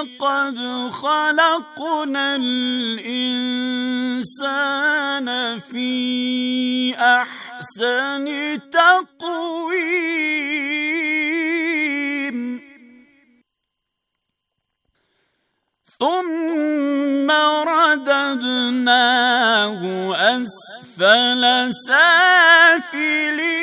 لقد خلقنا الانسان في احسن تقويم ثم رددناه اسفل سافلين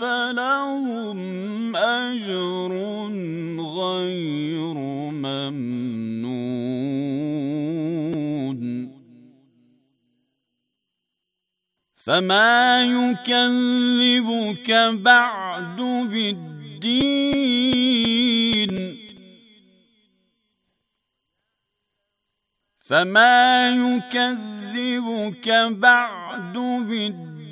فلهم أجر غير ممنون فما يكذبك بعد بالدين فما يكذبك بعد بالدين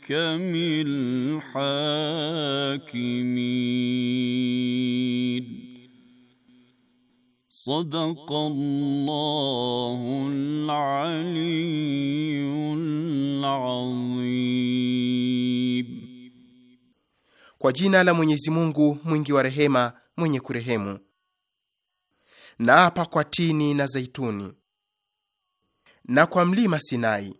أحكم الحاكمين صدق الله العلي Kwa jina la Mwenyezi Mungu mwingi wa rehema mwenye kurehemu. Na hapa kwa tini na zaituni na kwa mlima Sinai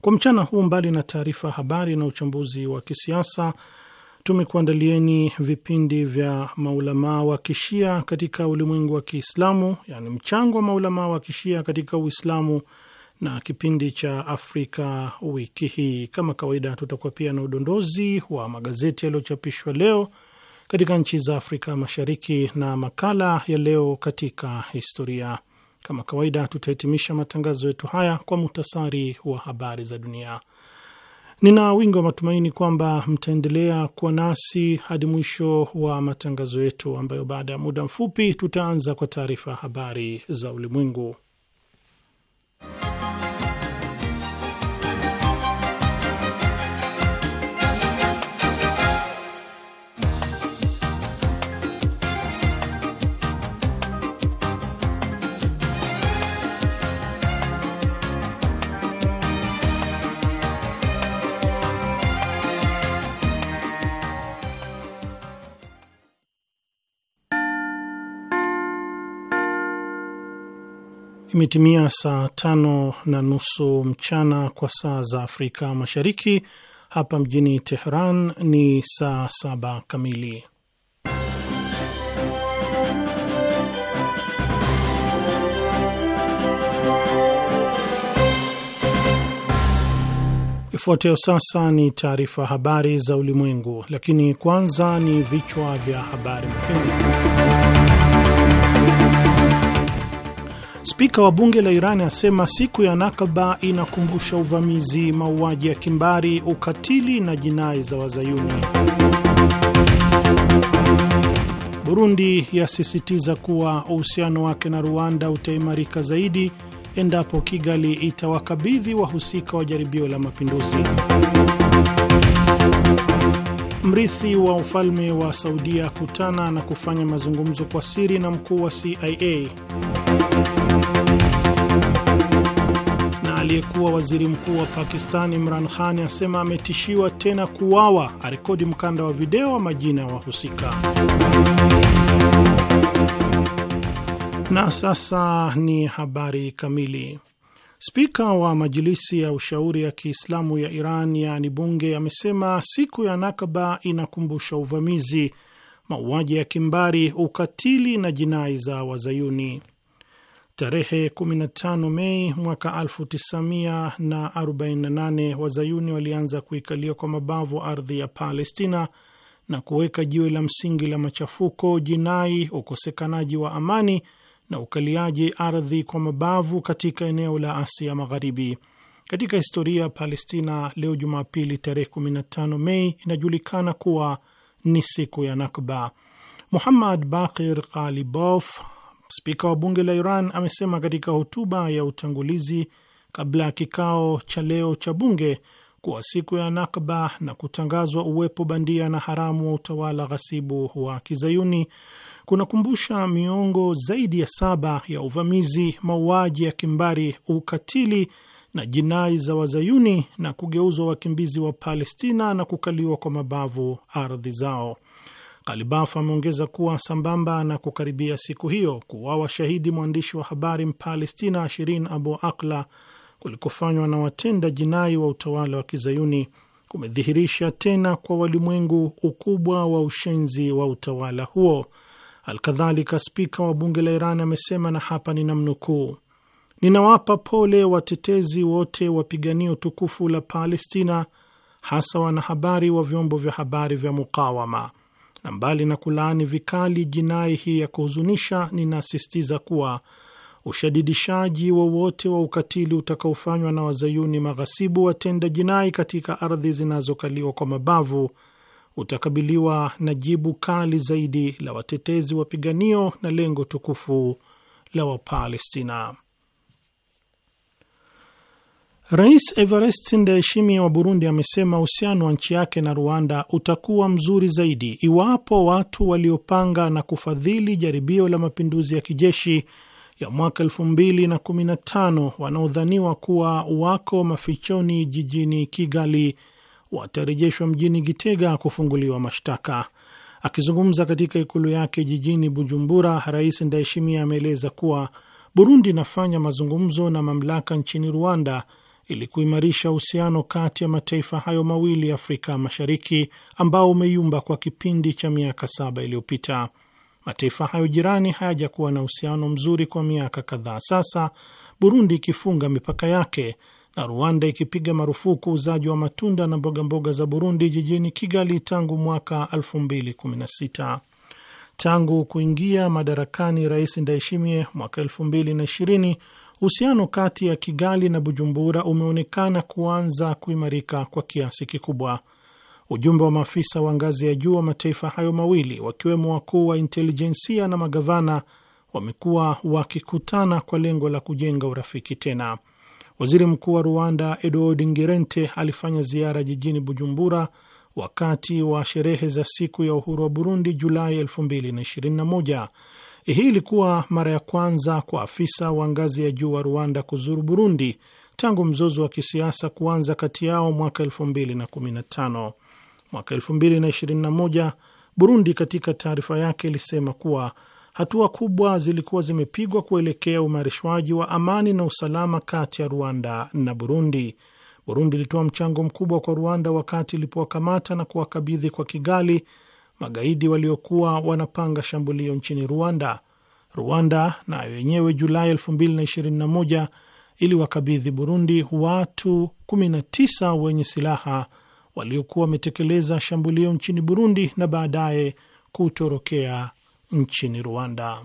Kwa mchana huu, mbali na taarifa habari na uchambuzi wa kisiasa, tumekuandalieni vipindi vya maulamaa wa kishia katika ulimwengu wa Kiislamu, yaani mchango wa maulamaa wa kishia katika Uislamu na kipindi cha Afrika wiki hii. Kama kawaida, tutakuwa pia na udondozi wa magazeti yaliyochapishwa leo katika nchi za Afrika Mashariki na makala ya leo katika historia. Kama kawaida, tutahitimisha matangazo yetu haya kwa muhtasari wa habari za dunia. Nina wingi wa matumaini kwamba mtaendelea kuwa nasi hadi mwisho wa matangazo yetu, ambayo baada ya muda mfupi tutaanza kwa taarifa ya habari za ulimwengu. Imetimia saa tano na nusu mchana kwa saa za Afrika Mashariki. Hapa mjini Teheran ni saa saba kamili. Ifuatayo sasa ni taarifa habari za ulimwengu, lakini kwanza ni vichwa vya habari muhimu. Spika wa bunge la iran asema siku ya Nakaba inakumbusha uvamizi, mauaji ya kimbari, ukatili na jinai za Wazayuni. Burundi yasisitiza kuwa uhusiano wake na Rwanda utaimarika zaidi endapo Kigali itawakabidhi wahusika wa jaribio la mapinduzi. Mrithi wa ufalme wa Saudia kutana na kufanya mazungumzo kwa siri na mkuu wa CIA. aliyekuwa waziri mkuu wa Pakistan Imran Khan asema ametishiwa tena kuuawa, arekodi mkanda wa video wa majina ya wahusika. Na sasa ni habari kamili. Spika wa Majilisi ya Ushauri ya Kiislamu ya Iran, yaani bunge, amesema ya siku ya Nakba inakumbusha uvamizi, mauaji ya kimbari, ukatili na jinai za Wazayuni. Tarehe 15 Mei mwaka 1948 wazayuni walianza kuikalia kwa mabavu ardhi ya Palestina na kuweka jiwe la msingi la machafuko, jinai, ukosekanaji wa amani na ukaliaji ardhi kwa mabavu katika eneo la Asia Magharibi. Katika historia ya Palestina, leo Jumapili tarehe 15 Mei inajulikana kuwa ni siku ya Nakba. Muhammad Bakir Ghalibaf Spika wa bunge la Iran amesema katika hotuba ya utangulizi kabla ya kikao cha leo cha bunge kuwa siku ya Nakba na kutangazwa uwepo bandia na haramu wa utawala ghasibu wa kizayuni kunakumbusha miongo zaidi ya saba ya uvamizi, mauaji ya kimbari, ukatili na jinai za wazayuni na kugeuzwa wakimbizi wa Palestina na kukaliwa kwa mabavu ardhi zao. Kalibaf ameongeza kuwa sambamba na kukaribia siku hiyo, kuwawa shahidi mwandishi wa habari Mpalestina Shirin Abu Akla kulikofanywa na watenda jinai wa utawala wa kizayuni kumedhihirisha tena kwa walimwengu ukubwa wa ushenzi wa utawala huo. Alkadhalika, spika wa bunge la Iran amesema, na hapa ninamnukuu: ninawapa pole watetezi wote wapiganio tukufu la Palestina, hasa wanahabari wa vyombo vya habari vya mukawama na mbali na kulaani vikali jinai hii ya kuhuzunisha, ninasisitiza kuwa ushadidishaji wowote wa, wa ukatili utakaofanywa na wazayuni maghasibu watenda jinai katika ardhi zinazokaliwa kwa mabavu utakabiliwa na jibu kali zaidi la watetezi wapiganio na lengo tukufu la Wapalestina. Rais Evariste Ndayishimiye wa Burundi amesema uhusiano wa nchi yake na Rwanda utakuwa mzuri zaidi iwapo watu waliopanga na kufadhili jaribio la mapinduzi ya kijeshi ya mwaka 2015 wanaodhaniwa kuwa wako mafichoni jijini Kigali watarejeshwa mjini Gitega kufunguliwa mashtaka. Akizungumza katika ikulu yake jijini Bujumbura, Rais Ndayishimiye ameeleza kuwa Burundi inafanya mazungumzo na mamlaka nchini Rwanda ili kuimarisha uhusiano kati ya mataifa hayo mawili ya Afrika Mashariki ambao umeyumba kwa kipindi cha miaka saba iliyopita. Mataifa hayo jirani hayajakuwa na uhusiano mzuri kwa miaka kadhaa sasa, Burundi ikifunga mipaka yake na Rwanda ikipiga marufuku uuzaji wa matunda na mboga mboga za Burundi jijini Kigali tangu mwaka 2016. Tangu kuingia madarakani Rais Ndayishimiye mwaka 2020 Uhusiano kati ya Kigali na Bujumbura umeonekana kuanza kuimarika kwa kiasi kikubwa. Ujumbe wa maafisa wa ngazi ya juu wa mataifa hayo mawili wakiwemo wakuu wa intelijensia na magavana wamekuwa wakikutana kwa lengo la kujenga urafiki tena. Waziri Mkuu wa Rwanda Edward Ngirente alifanya ziara jijini Bujumbura wakati wa sherehe za siku ya uhuru wa Burundi Julai 2021 hii ilikuwa mara ya kwanza kwa afisa wa ngazi ya juu wa Rwanda kuzuru Burundi tangu mzozo wa kisiasa kuanza kati yao mwaka 2015. Mwaka 2021 Burundi katika taarifa yake ilisema kuwa hatua kubwa zilikuwa zimepigwa kuelekea uimarishwaji wa amani na usalama kati ya Rwanda na Burundi. Burundi ilitoa mchango mkubwa kwa Rwanda wakati ilipowakamata na kuwakabidhi kwa Kigali magaidi waliokuwa wanapanga shambulio nchini Rwanda. Rwanda nayo yenyewe Julai 2021 iliwakabidhi Burundi watu 19 wenye silaha waliokuwa wametekeleza shambulio nchini Burundi na baadaye kutorokea nchini Rwanda.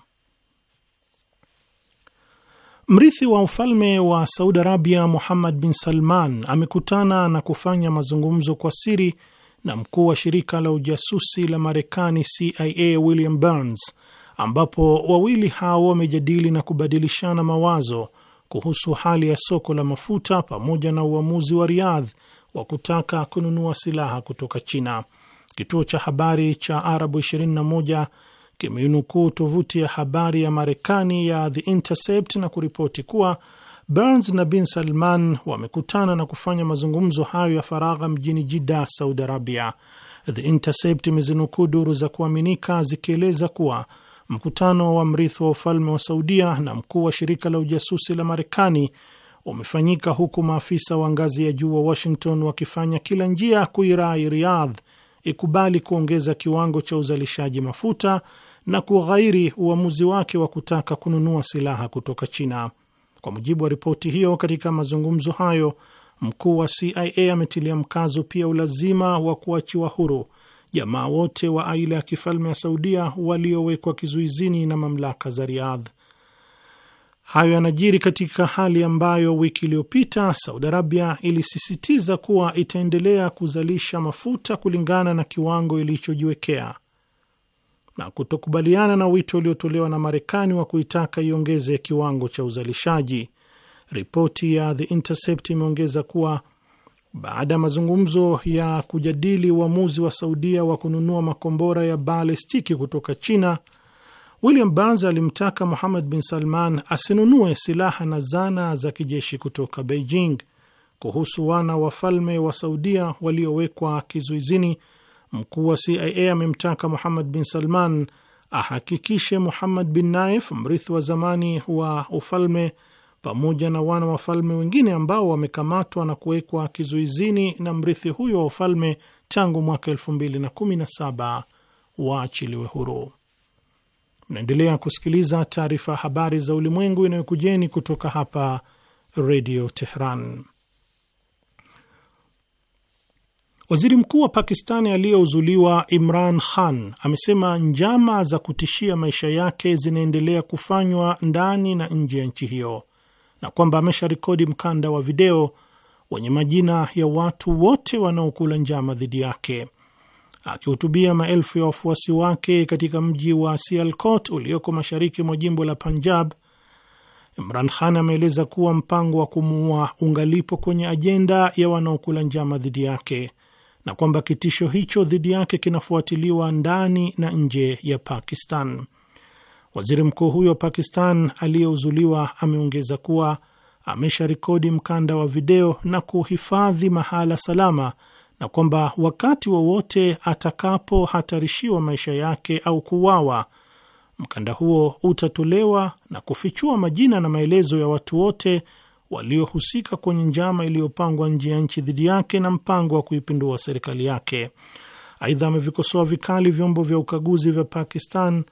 Mrithi wa ufalme wa Saudi Arabia Muhammad bin Salman amekutana na kufanya mazungumzo kwa siri na mkuu wa shirika la ujasusi la Marekani CIA William Burns, ambapo wawili hao wamejadili na kubadilishana mawazo kuhusu hali ya soko la mafuta pamoja na uamuzi wa Riyadh wa kutaka kununua silaha kutoka China. Kituo cha habari cha Arabu 21 kimeinukuu tovuti ya habari ya Marekani ya The Intercept na kuripoti kuwa Burns na bin Salman wamekutana na kufanya mazungumzo hayo ya faragha mjini Jidda, Saudi Arabia. The Intercept imezinukuu duru za kuaminika zikieleza kuwa mkutano wa mrithi wa ufalme wa Saudia na mkuu wa shirika la ujasusi la Marekani umefanyika huku maafisa wa ngazi ya juu wa Washington wakifanya kila njia kuirai Riyadh ikubali kuongeza kiwango cha uzalishaji mafuta na kughairi uamuzi wake wa kutaka kununua silaha kutoka China. Kwa mujibu wa ripoti hiyo, katika mazungumzo hayo mkuu wa CIA ametilia mkazo pia ulazima wa kuachiwa huru jamaa wote wa aila ya kifalme ya Saudia waliowekwa kizuizini na mamlaka za Riyadh. Hayo yanajiri katika hali ambayo wiki iliyopita Saudi Arabia ilisisitiza kuwa itaendelea kuzalisha mafuta kulingana na kiwango ilichojiwekea na kutokubaliana na wito uliotolewa na Marekani wa kuitaka iongeze kiwango cha uzalishaji. Ripoti ya The Intercept imeongeza kuwa baada ya mazungumzo ya kujadili uamuzi wa Saudia wa kununua makombora ya balestiki kutoka China, William Burns alimtaka Muhammad bin Salman asinunue silaha na zana za kijeshi kutoka Beijing. Kuhusu wana wafalme wa Saudia waliowekwa kizuizini Mkuu wa CIA amemtaka Muhammad bin Salman ahakikishe Muhammad bin Naif, mrithi wa zamani wa ufalme, pamoja na wana wafalme wengine ambao wamekamatwa na kuwekwa kizuizini na mrithi huyo wa ufalme tangu mwaka 2017 waachiliwe huru. Mnaendelea kusikiliza taarifa habari za ulimwengu inayokujeni kutoka hapa Redio Tehran. Waziri mkuu wa Pakistani aliyeuzuliwa Imran Khan amesema njama za kutishia maisha yake zinaendelea kufanywa ndani na nje ya nchi hiyo na kwamba amesharekodi mkanda wa video wenye majina ya watu wote wanaokula njama dhidi yake. Akihutubia maelfu ya wafuasi wake katika mji wa Sialkot ulioko mashariki mwa jimbo la Punjab, Imran Khan ameeleza kuwa mpango wa kumuua ungalipo kwenye ajenda ya wanaokula njama dhidi yake na kwamba kitisho hicho dhidi yake kinafuatiliwa ndani na nje ya Pakistan. Waziri mkuu huyo wa Pakistan aliyeuzuliwa ameongeza kuwa amesharekodi mkanda wa video na kuhifadhi mahala salama na kwamba wakati wowote wa atakapohatarishiwa maisha yake au kuuawa, mkanda huo utatolewa na kufichua majina na maelezo ya watu wote waliohusika kwenye njama iliyopangwa nje ya nchi dhidi yake na mpango wa kuipindua serikali yake. Aidha, amevikosoa vikali vyombo vya ukaguzi vya Pakistan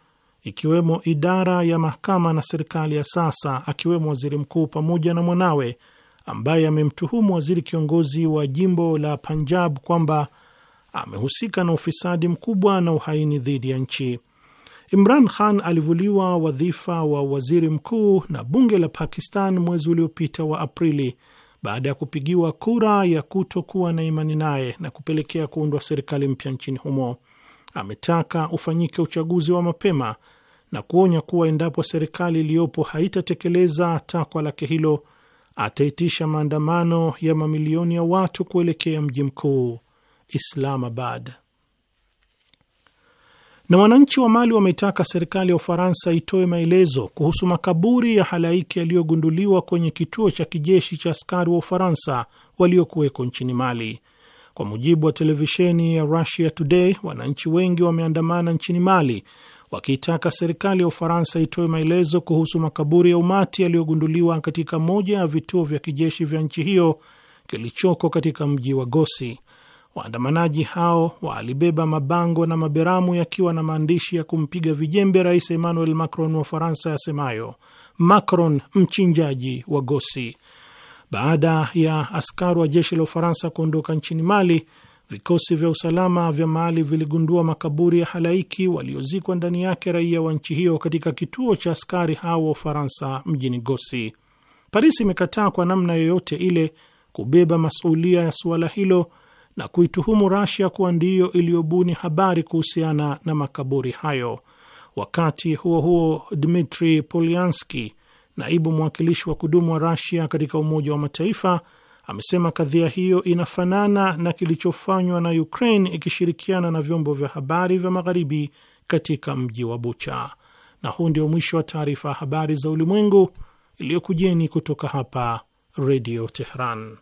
ikiwemo idara ya mahakama na serikali ya sasa, akiwemo waziri mkuu pamoja na mwanawe ambaye amemtuhumu waziri kiongozi wa jimbo la Punjab kwamba amehusika na ufisadi mkubwa na uhaini dhidi ya nchi. Imran Khan alivuliwa wadhifa wa waziri mkuu na bunge la Pakistan mwezi uliopita wa Aprili baada ya kupigiwa kura ya kutokuwa na imani naye na kupelekea kuundwa serikali mpya nchini humo. Ametaka ufanyike uchaguzi wa mapema na kuonya kuwa endapo serikali iliyopo haitatekeleza takwa lake hilo ataitisha maandamano ya mamilioni ya watu kuelekea mji mkuu Islamabad. Na wananchi wa Mali wametaka serikali ya Ufaransa itoe maelezo kuhusu makaburi ya halaiki yaliyogunduliwa kwenye kituo cha kijeshi cha askari wa Ufaransa waliokuweko nchini Mali. Kwa mujibu wa televisheni ya Russia Today, wananchi wengi wameandamana nchini Mali wakiitaka serikali ya Ufaransa itoe maelezo kuhusu makaburi ya umati yaliyogunduliwa katika moja ya vituo vya kijeshi vya nchi hiyo kilichoko katika mji wa Gosi. Waandamanaji hao walibeba mabango na maberamu yakiwa na maandishi ya kumpiga vijembe Rais Emmanuel Macron wa Faransa yasemayo Macron mchinjaji wa Gosi. Baada ya askari wa jeshi la Ufaransa kuondoka nchini Mali, vikosi vya usalama vya Mali viligundua makaburi ya halaiki waliozikwa ndani yake raia wa nchi hiyo katika kituo cha askari hao wa Ufaransa mjini Gosi. Paris imekataa kwa namna yoyote ile kubeba masuulia ya suala hilo na kuituhumu Rasia kuwa ndiyo iliyobuni habari kuhusiana na makaburi hayo. Wakati huo huo, Dmitri Polyanski, naibu mwakilishi wa kudumu wa Rasia katika Umoja wa Mataifa, amesema kadhia hiyo inafanana na kilichofanywa na Ukraine ikishirikiana na vyombo vya habari vya Magharibi katika mji wa Bucha. Na huu ndio mwisho wa taarifa ya habari za ulimwengu iliyokujeni kutoka hapa Redio Tehran.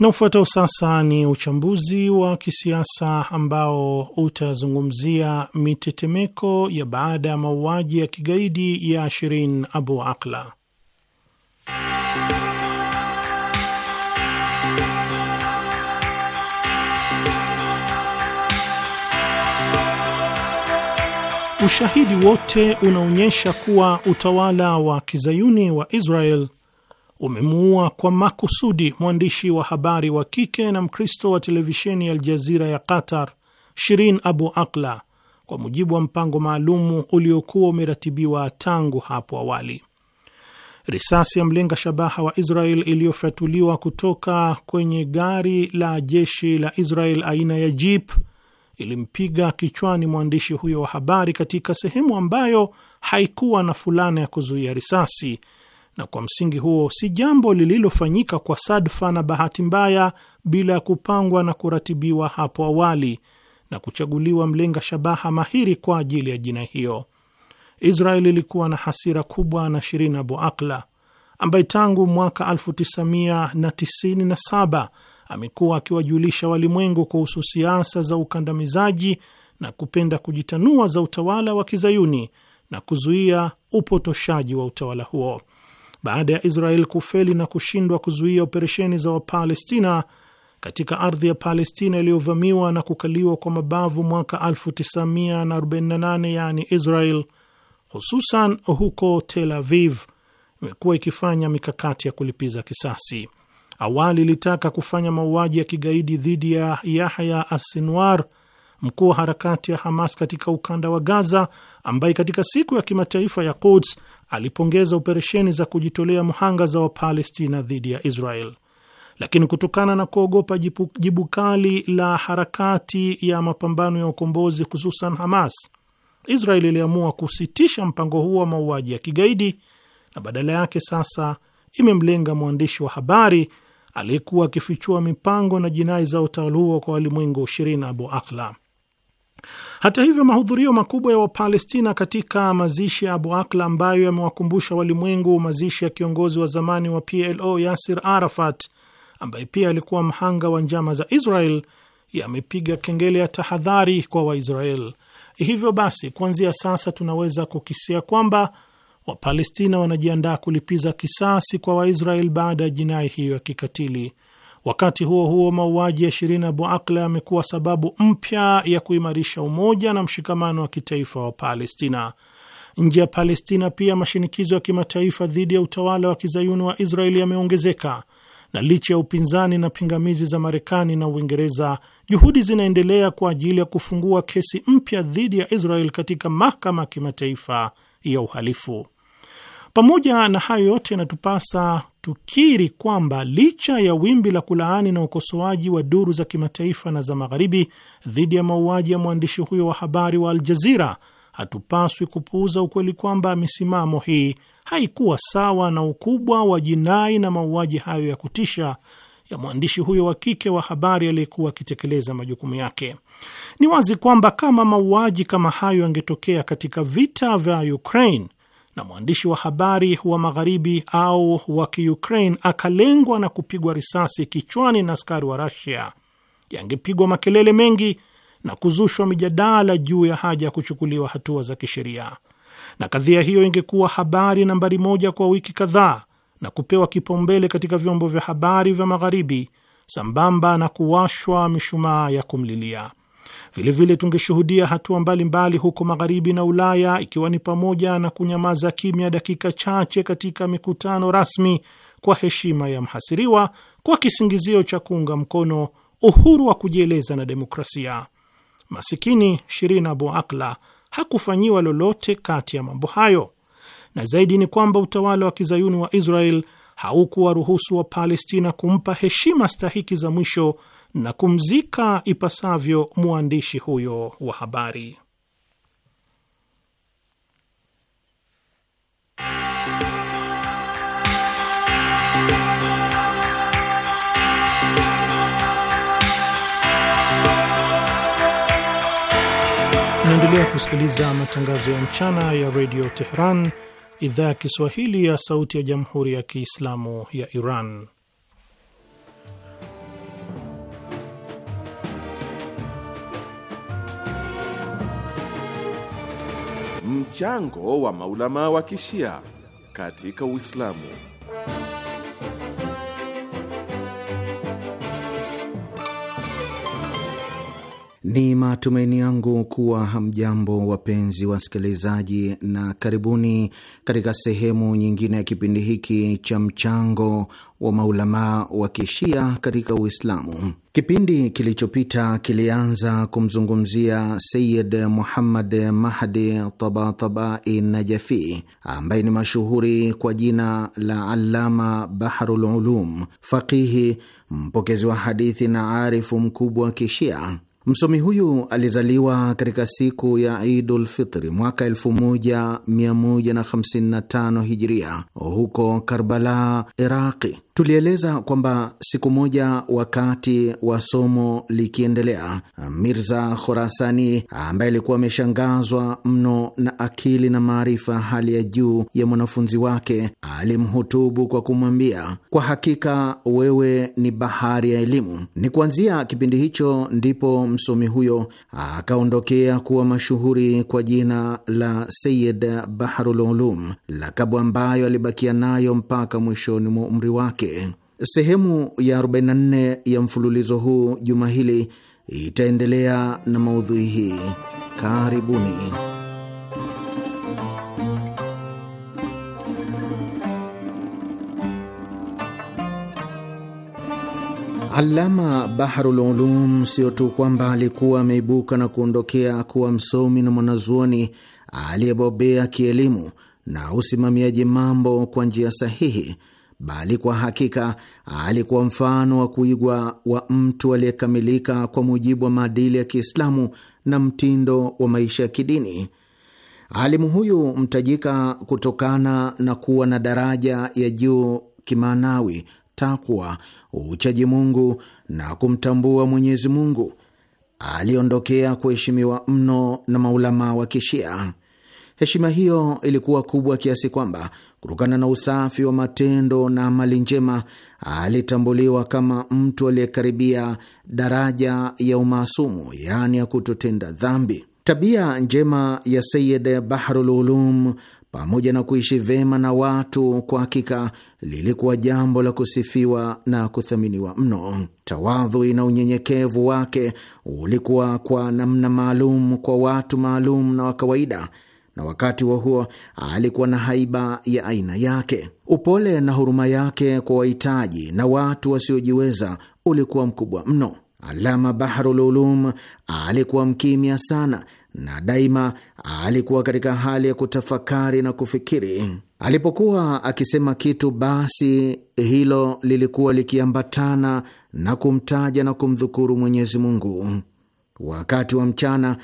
Na ufuatao sasa ni uchambuzi wa kisiasa ambao utazungumzia mitetemeko ya baada ya mauaji ya kigaidi ya Shirin Abu Akla. Ushahidi wote unaonyesha kuwa utawala wa kizayuni wa Israel umemuua kwa makusudi mwandishi wa habari wa kike na Mkristo wa televisheni ya Aljazira ya Qatar, Shirin Abu Akla, kwa mujibu wa mpango maalumu uliokuwa umeratibiwa tangu hapo awali. Risasi ya mlenga shabaha wa Israel iliyofyatuliwa kutoka kwenye gari la jeshi la Israel aina ya jeep ilimpiga kichwani mwandishi huyo wa habari katika sehemu ambayo haikuwa na fulana ya kuzuia risasi na kwa msingi huo si jambo lililofanyika kwa sadfa na bahati mbaya bila ya kupangwa na kuratibiwa hapo awali na kuchaguliwa mlenga shabaha mahiri kwa ajili ya jina hiyo. Israel ilikuwa na hasira kubwa na Shirin Abu Akla ambaye tangu mwaka 1997 amekuwa akiwajulisha walimwengu kuhusu siasa za ukandamizaji na kupenda kujitanua za utawala wa kizayuni na kuzuia upotoshaji wa utawala huo baada ya Israel kufeli na kushindwa kuzuia operesheni za Wapalestina katika ardhi ya Palestina iliyovamiwa na kukaliwa kwa mabavu mwaka 1948 yaani Israel, hususan huko Tel Aviv, imekuwa ikifanya mikakati ya kulipiza kisasi. Awali ilitaka kufanya mauaji ya kigaidi dhidi ya Yahya Asinwar, mkuu wa harakati ya Hamas katika ukanda wa Gaza, ambaye katika siku ya kimataifa ya Quds alipongeza operesheni za kujitolea mhanga za Wapalestina dhidi ya Israel, lakini kutokana na kuogopa jibu, jibu kali la harakati ya mapambano ya ukombozi hususan Hamas, Israel iliamua kusitisha mpango huo wa mauaji ya kigaidi na badala yake sasa imemlenga mwandishi wa habari aliyekuwa akifichua mipango na jinai za utawala huo kwa walimwengu, Shirin Abu Akhla. Hata hivyo, mahudhurio makubwa ya Wapalestina katika mazishi ya Abu Akla ambayo yamewakumbusha walimwengu mazishi ya kiongozi wa zamani wa PLO Yasir Arafat ambaye pia alikuwa mhanga wa njama za Israel yamepiga kengele ya tahadhari kwa Waisrael. Hivyo basi, kuanzia sasa tunaweza kukisia kwamba Wapalestina wanajiandaa kulipiza kisasi kwa Waisrael baada ya jinai hiyo ya kikatili. Wakati huo huo, mauaji ya Shirin Abu Akla yamekuwa sababu mpya ya kuimarisha umoja na mshikamano wa kitaifa wa Palestina. Nje ya Palestina pia mashinikizo ya kimataifa dhidi ya utawala wa kizayuni wa Israeli yameongezeka, na licha ya upinzani na pingamizi za Marekani na Uingereza, juhudi zinaendelea kwa ajili ya kufungua kesi mpya dhidi ya Israel katika mahakama ya kimataifa ya uhalifu. Pamoja na hayo yote, yanatupasa tukiri kwamba licha ya wimbi la kulaani na ukosoaji wa duru za kimataifa na za magharibi dhidi ya mauaji ya mwandishi huyo wa habari wa Al Jazira, hatupaswi kupuuza ukweli kwamba misimamo hii haikuwa sawa na ukubwa wa jinai na mauaji hayo ya kutisha ya mwandishi huyo wa kike wa habari aliyekuwa akitekeleza majukumu yake. Ni wazi kwamba kama mauaji kama hayo yangetokea katika vita vya Ukraine na mwandishi wa habari wa magharibi au wa Kiukraine akalengwa na kupigwa risasi kichwani na askari wa Rasia, yangepigwa makelele mengi na kuzushwa mijadala juu ya haja ya kuchukuliwa hatua za kisheria, na kadhia hiyo ingekuwa habari nambari moja kwa wiki kadhaa na kupewa kipaumbele katika vyombo vya habari vya magharibi sambamba na kuwashwa mishumaa ya kumlilia. Vilevile tungeshuhudia hatua mbalimbali huko magharibi na Ulaya, ikiwa ni pamoja na kunyamaza kimya dakika chache katika mikutano rasmi kwa heshima ya mhasiriwa kwa kisingizio cha kuunga mkono uhuru wa kujieleza na demokrasia. Masikini Shirin Abu Akla hakufanyiwa lolote kati ya mambo hayo, na zaidi ni kwamba utawala wa kizayuni wa Israel haukuwaruhusu wa Palestina kumpa heshima stahiki za mwisho na kumzika ipasavyo mwandishi huyo wa habari. Naendelea kusikiliza matangazo ya mchana ya redio Teheran, idhaa ya Kiswahili ya sauti ya jamhuri ya Kiislamu ya Iran. mchango wa maulama wa kishia katika Uislamu. Ni matumaini yangu kuwa hamjambo wapenzi wasikilizaji, na karibuni katika sehemu nyingine ya kipindi hiki cha mchango wa maulamaa wa kishia katika Uislamu. Kipindi kilichopita kilianza kumzungumzia Sayid Muhammad Mahdi Tabatabai Najafi, ambaye ni mashuhuri kwa jina la Allama baharululum faqihi, mpokezi wa hadithi na arifu mkubwa wa kishia. Msomi huyu alizaliwa katika siku ya Idul Fitri mwaka 1155 Hijria huko Karbala, Iraqi. Tulieleza kwamba siku moja, wakati wa somo likiendelea, Mirza Khorasani ambaye alikuwa ameshangazwa mno na akili na maarifa hali ya juu ya mwanafunzi wake alimhutubu kwa kumwambia, kwa hakika wewe ni bahari ya elimu. Ni kuanzia kipindi hicho ndipo msomi huyo akaondokea kuwa mashuhuri kwa jina la Sayid Baharul lakabu ambayo alibakia nayo mpaka mwishoni mwa umri wake wake. Sehemu ya 44 ya mfululizo huu juma hili itaendelea na maudhui hii. Karibuni. Alama Baharul Ulum sio tu kwamba alikuwa ameibuka na kuondokea kuwa msomi na mwanazuoni aliyebobea kielimu na usimamiaji mambo kwa njia sahihi bali kwa hakika alikuwa mfano wa kuigwa wa mtu aliyekamilika kwa mujibu wa maadili ya Kiislamu na mtindo wa maisha ya kidini. Alimu huyu mtajika kutokana na kuwa na daraja ya juu kimaanawi, takwa, uchaji Mungu na kumtambua Mwenyezi Mungu, aliondokea kuheshimiwa mno na maulamaa wa Kishia. Heshima hiyo ilikuwa kubwa kiasi kwamba Kutokana na usafi wa matendo na amali njema, alitambuliwa kama mtu aliyekaribia daraja ya umaasumu, yaani ya kutotenda dhambi. Tabia njema ya Sayid Bahrul Ulum pamoja na kuishi vema na watu, kwa hakika lilikuwa jambo la kusifiwa na kuthaminiwa mno. Tawadhui na unyenyekevu wake ulikuwa kwa namna maalum kwa watu maalum na wa kawaida na wakati wa huo alikuwa na haiba ya aina yake. Upole na huruma yake kwa wahitaji na watu wasiojiweza ulikuwa mkubwa mno. Alama Baharul Ulum alikuwa mkimya sana na daima alikuwa katika hali ya kutafakari na kufikiri. Alipokuwa akisema kitu, basi hilo lilikuwa likiambatana na kumtaja na kumdhukuru Mwenyezi Mungu. Wakati wa mchana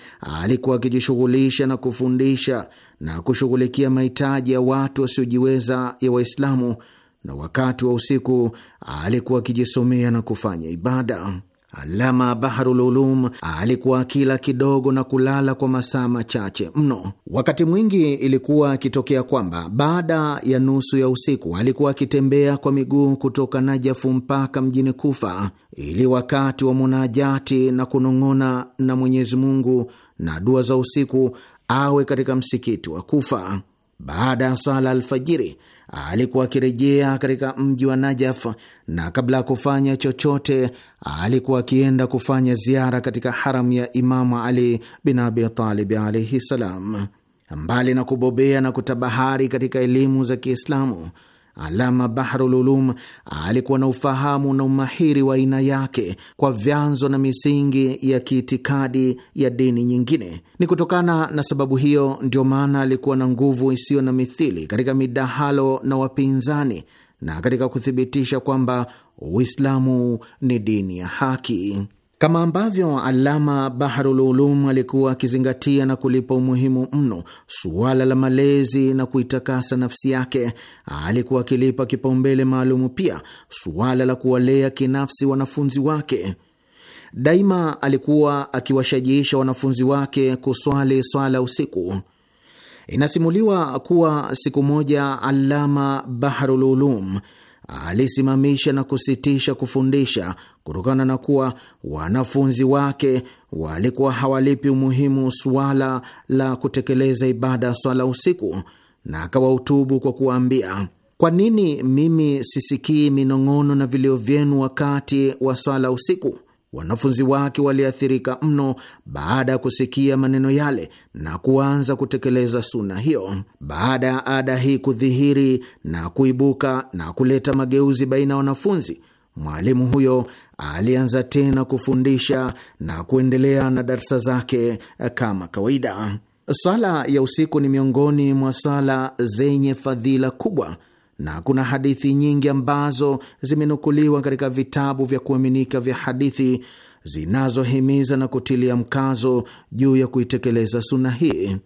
alikuwa akijishughulisha na kufundisha na kushughulikia mahitaji ya watu wasiojiweza ya Waislamu, na wakati wa usiku alikuwa akijisomea na kufanya ibada. Alama Baharul Ulum alikuwa akila kidogo na kulala kwa masaa machache mno. Wakati mwingi ilikuwa akitokea kwamba baada ya nusu ya usiku alikuwa akitembea kwa miguu kutoka Najafu mpaka mjini Kufa ili wakati wa munajati na kunong'ona na Mwenyezi Mungu na dua za usiku awe katika msikiti wa Kufa. Baada ya sala alfajiri alikuwa akirejea katika mji wa Najaf, na kabla ya kufanya chochote alikuwa akienda kufanya ziara katika haramu ya Imamu Ali bin Abi Talib alaihi salam. Mbali na kubobea na kutabahari katika elimu za Kiislamu, Alama Bahrul Ulum alikuwa na ufahamu na umahiri wa aina yake kwa vyanzo na misingi ya kiitikadi ya dini nyingine. Ni kutokana na sababu hiyo ndio maana alikuwa na nguvu isiyo na mithili katika midahalo na wapinzani na katika kuthibitisha kwamba Uislamu ni dini ya haki. Kama ambavyo Alama Baharul Ulum alikuwa akizingatia na kulipa umuhimu mno suala la malezi na kuitakasa nafsi yake, alikuwa akilipa kipaumbele maalumu pia suala la kuwalea kinafsi wanafunzi wake. Daima alikuwa akiwashajiisha wanafunzi wake kuswali swala usiku. Inasimuliwa kuwa siku moja Alama Baharul Ulum alisimamisha na kusitisha kufundisha kutokana na kuwa wanafunzi wake walikuwa hawalipi umuhimu suala la kutekeleza ibada ya swala usiku, na akawautubu kwa kuwaambia, kwa nini mimi sisikii minong'ono na vilio vyenu wakati wa swala usiku? Wanafunzi wake waliathirika mno baada ya kusikia maneno yale na kuanza kutekeleza suna hiyo. Baada ya ada hii kudhihiri na kuibuka na kuleta mageuzi baina ya wanafunzi, mwalimu huyo alianza tena kufundisha na kuendelea na darsa zake kama kawaida. Sala ya usiku ni miongoni mwa sala zenye fadhila kubwa na kuna hadithi nyingi ambazo zimenukuliwa katika vitabu vya kuaminika vya hadithi zinazohimiza na kutilia mkazo juu ya kuitekeleza suna hii.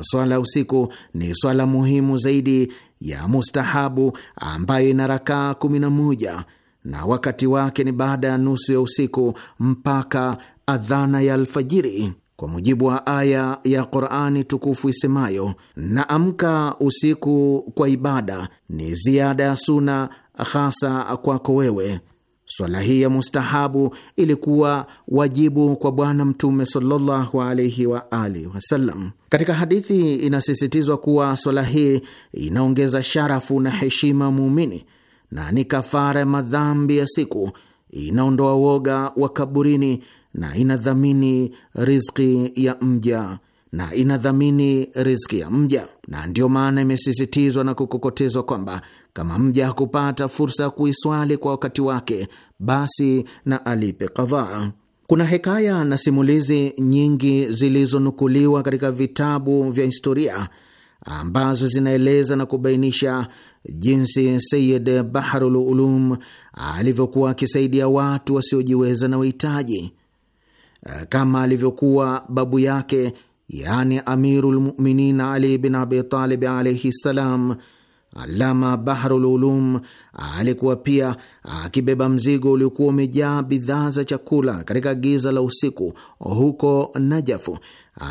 Swala ya usiku ni swala muhimu zaidi ya mustahabu ambayo ina rakaa 11 na wakati wake ni baada ya nusu ya usiku mpaka adhana ya alfajiri kwa mujibu wa aya ya Qurani tukufu isemayo, na amka usiku kwa ibada ni ziada ya suna hasa kwako wewe. Swala hii ya mustahabu ilikuwa wajibu kwa Bwana Mtume sallallahu alaihi wa alihi wasallam. Katika hadithi inasisitizwa kuwa swala hii inaongeza sharafu na heshima muumini na ni kafara ya madhambi ya siku, inaondoa woga wa kaburini na inadhamini riziki ya mja na inadhamini riziki ya mja, na ndiyo maana imesisitizwa na kukokotezwa kwamba kama mja hakupata fursa ya kuiswali kwa wakati wake, basi na alipe kadhaa. Kuna hekaya na simulizi nyingi zilizonukuliwa katika vitabu vya historia ambazo zinaeleza na kubainisha jinsi Sayid Baharul Ulum alivyokuwa akisaidia watu wasiojiweza na wahitaji. Eh, kama alivyokuwa babu yake, yani Amirulmuminin Ali bin Abitalib alaihi ssalam. Alama Bahrul Ulum alikuwa pia akibeba mzigo uliokuwa umejaa bidhaa za chakula katika giza la usiku huko Najafu,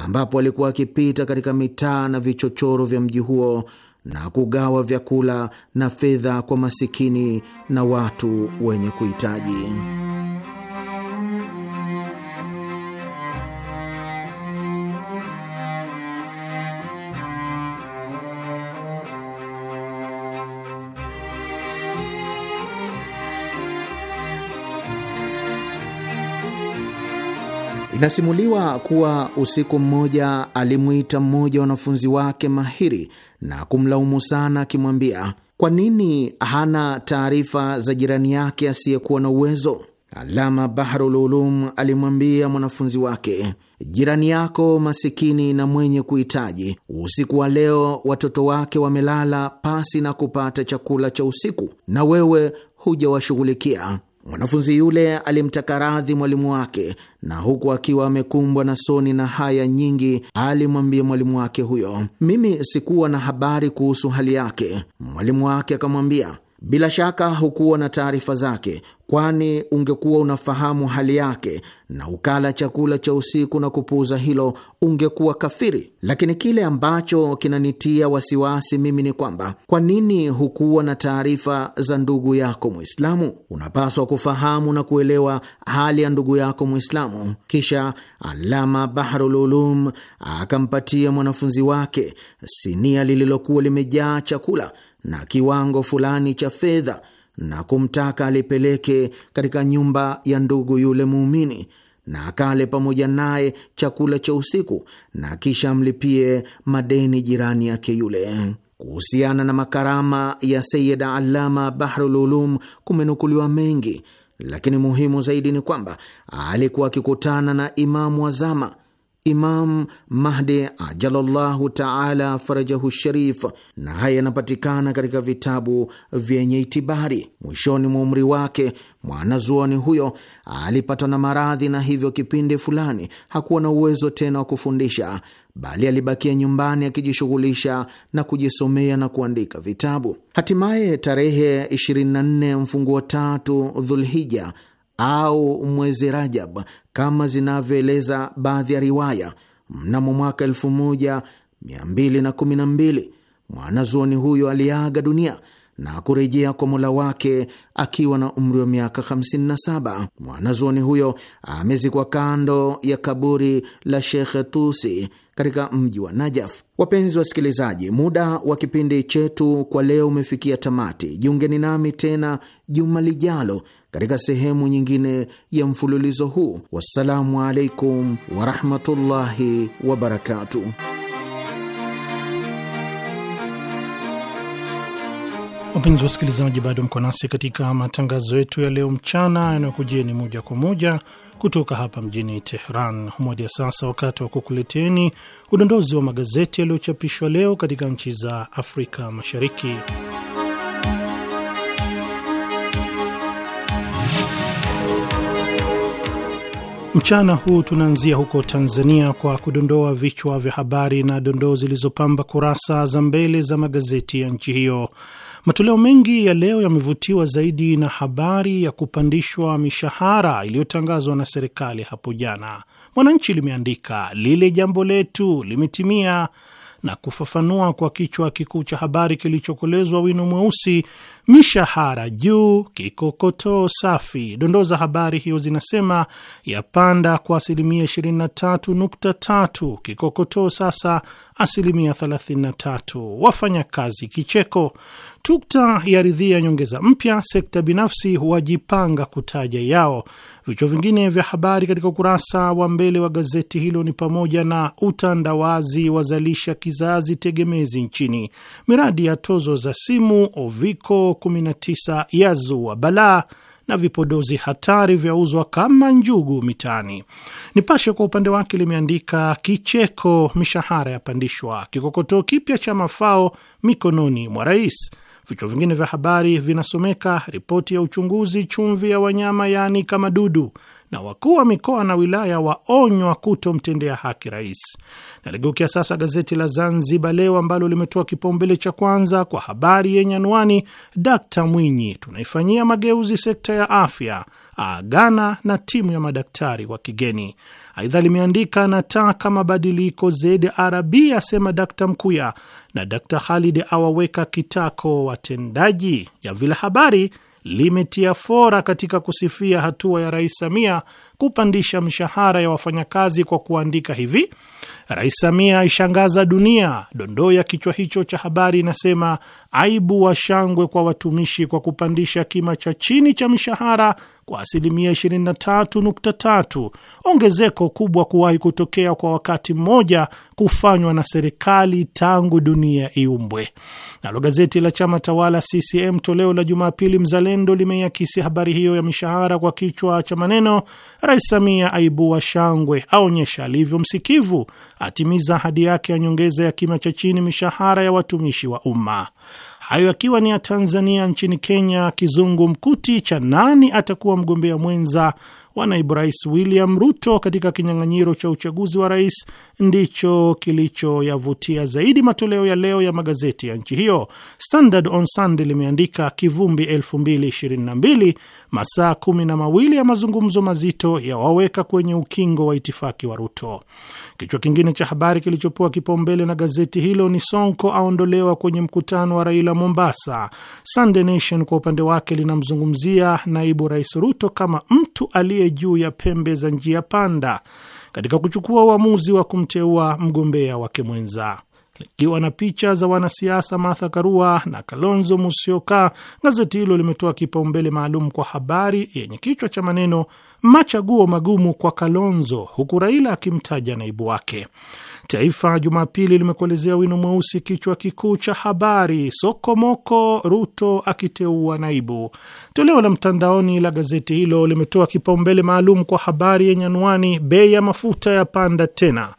ambapo alikuwa akipita katika mitaa na vichochoro vya mji huo na kugawa vyakula na fedha kwa masikini na watu wenye kuhitaji. Inasimuliwa kuwa usiku mmoja alimwita mmoja wa wanafunzi wake mahiri na kumlaumu sana, akimwambia kwa nini hana taarifa za jirani yake asiyekuwa na uwezo. Alama Bahrul Ulum alimwambia mwanafunzi wake, jirani yako masikini na mwenye kuhitaji, usiku wa leo watoto wake wamelala pasi na kupata chakula cha usiku, na wewe hujawashughulikia. Mwanafunzi yule alimtaka radhi mwalimu wake, na huku akiwa amekumbwa na soni na haya nyingi, alimwambia mwalimu wake huyo, mimi sikuwa na habari kuhusu hali yake. Mwalimu wake akamwambia bila shaka hukuwa na taarifa zake, kwani ungekuwa unafahamu hali yake na ukala chakula cha usiku na kupuuza hilo, ungekuwa kafiri. Lakini kile ambacho kinanitia wasiwasi mimi ni kwamba kwa nini hukuwa na taarifa za ndugu yako Mwislamu? Unapaswa kufahamu na kuelewa hali ya ndugu yako Mwislamu. Kisha Alama baharul Ulum akampatia mwanafunzi wake sinia lililokuwa limejaa chakula na kiwango fulani cha fedha na kumtaka alipeleke katika nyumba ya ndugu yule muumini na akale pamoja naye chakula cha usiku na kisha amlipie madeni jirani yake yule. Kuhusiana na makarama ya Sayid Alama Bahrul Ulum kumenukuliwa mengi, lakini muhimu zaidi ni kwamba alikuwa akikutana na Imamu zama, Imam Mahdi ajalallahu taala farajahu sharif, na haya yanapatikana katika vitabu vyenye itibari. Mwishoni mwa umri wake mwanazuoni huyo alipatwa na maradhi, na hivyo kipindi fulani hakuwa na uwezo tena wa kufundisha, bali alibakia nyumbani akijishughulisha na kujisomea na kuandika vitabu. Hatimaye tarehe 24 mfunguo tatu Dhulhija au mwezi Rajab kama zinavyoeleza baadhi ya riwaya. Mnamo mwaka 1212 mwanazuoni huyo aliaga dunia na kurejea kwa Mola wake akiwa na umri wa miaka 57. Mwanazuoni huyo amezikwa kando ya kaburi la Shekhe Tusi katika mji wa Najaf. Wapenzi wasikilizaji, muda wa kipindi chetu kwa leo umefikia tamati. Jiungeni nami tena juma lijalo katika sehemu nyingine ya mfululizo huu. Wassalamu alaikum warahmatullahi wabarakatuh. Wapenzi wasikilizaji, bado mko nasi katika matangazo yetu ya leo mchana yanayokujeni moja kwa moja kutoka hapa mjini Teheran. moja sasa wakati wa kukuleteni udondozi wa magazeti yaliyochapishwa leo katika nchi za Afrika Mashariki. Mchana huu tunaanzia huko Tanzania kwa kudondoa vichwa vya habari na dondoo zilizopamba kurasa za mbele za magazeti ya nchi hiyo. Matoleo mengi ya leo yamevutiwa zaidi na habari ya kupandishwa mishahara iliyotangazwa na serikali hapo jana. Mwananchi limeandika lile jambo letu limetimia na kufafanua kwa kichwa kikuu cha habari kilichokolezwa wino mweusi, mishahara juu, kikokotoo safi. Dondoo za habari hiyo zinasema yapanda kwa asilimia 23.3, kikokotoo sasa asilimia 33, wafanyakazi kicheko. TUKTA yaridhia nyongeza mpya, sekta binafsi wajipanga kutaja yao. Vichwa vingine vya habari katika ukurasa wa mbele wa gazeti hilo ni pamoja na utandawazi wazalisha kizazi tegemezi nchini, miradi ya tozo za simu Oviko 19 yazua balaa na vipodozi hatari vyauzwa kama njugu mitaani. Nipashe kwa upande wake limeandika kicheko, mishahara yapandishwa, kikokotoo kipya cha mafao mikononi mwa rais, Vichwa vingine vya habari vinasomeka ripoti ya uchunguzi chumvi ya wanyama yaani kama dudu, na wakuu wa mikoa na wilaya waonywa kutomtendea haki rais. Naligeukia sasa gazeti la Zanzibar Leo ambalo limetoa kipaumbele cha kwanza kwa habari yenye anwani Dkt Mwinyi, tunaifanyia mageuzi sekta ya afya, aagana na timu ya madaktari wa kigeni. Aidha limeandika anataka mabadiliko ZRB, asema Dkt Mkuya, na d Khalid awaweka kitako watendaji. Ya vile Habari limetia fora katika kusifia hatua ya Rais Samia kupandisha mishahara ya wafanyakazi kwa kuandika hivi: Rais Samia aishangaza dunia. Dondoo ya kichwa hicho cha habari inasema aibu wa shangwe kwa watumishi kwa kupandisha kima cha chini cha mishahara kwa asilimia 23.3, ongezeko kubwa kuwahi kutokea kwa wakati mmoja kufanywa na serikali tangu dunia iumbwe. Nalo gazeti la chama tawala CCM toleo la Jumapili Mzalendo limeiakisi habari hiyo ya mishahara kwa kichwa cha maneno, Rais Samia aibua shangwe, aonyesha alivyo msikivu, atimiza ahadi yake ya nyongeza ya kima cha chini mishahara ya watumishi wa umma. Hayo akiwa ni ya Tanzania. Nchini Kenya, kizungu mkuti cha nani atakuwa mgombea mwenza wa naibu rais William Ruto katika kinyang'anyiro cha uchaguzi wa rais ndicho kilichoyavutia zaidi matoleo ya leo ya magazeti ya nchi hiyo. Standard on Sunday limeandika kivumbi 2022 masaa kumi na mawili ya mazungumzo mazito yawaweka kwenye ukingo wa itifaki wa Ruto. Kichwa kingine cha habari kilichopewa kipaumbele na gazeti hilo ni Sonko aondolewa kwenye mkutano wa Raila Mombasa. Sunday Nation kwa upande wake linamzungumzia naibu rais Ruto kama mtu aliye juu ya pembe za njia panda katika kuchukua uamuzi wa kumteua mgombea wake mwenza likiwa na picha za wanasiasa Martha Karua na Kalonzo Musyoka. Gazeti hilo limetoa kipaumbele maalum kwa habari yenye kichwa cha maneno machaguo magumu kwa Kalonzo, huku Raila akimtaja naibu wake. Taifa Jumapili limekuelezea wino mweusi kichwa kikuu cha habari sokomoko, Ruto akiteua naibu. Toleo la mtandaoni la gazeti hilo limetoa kipaumbele maalum kwa habari yenye anwani bei ya mafuta ya panda tena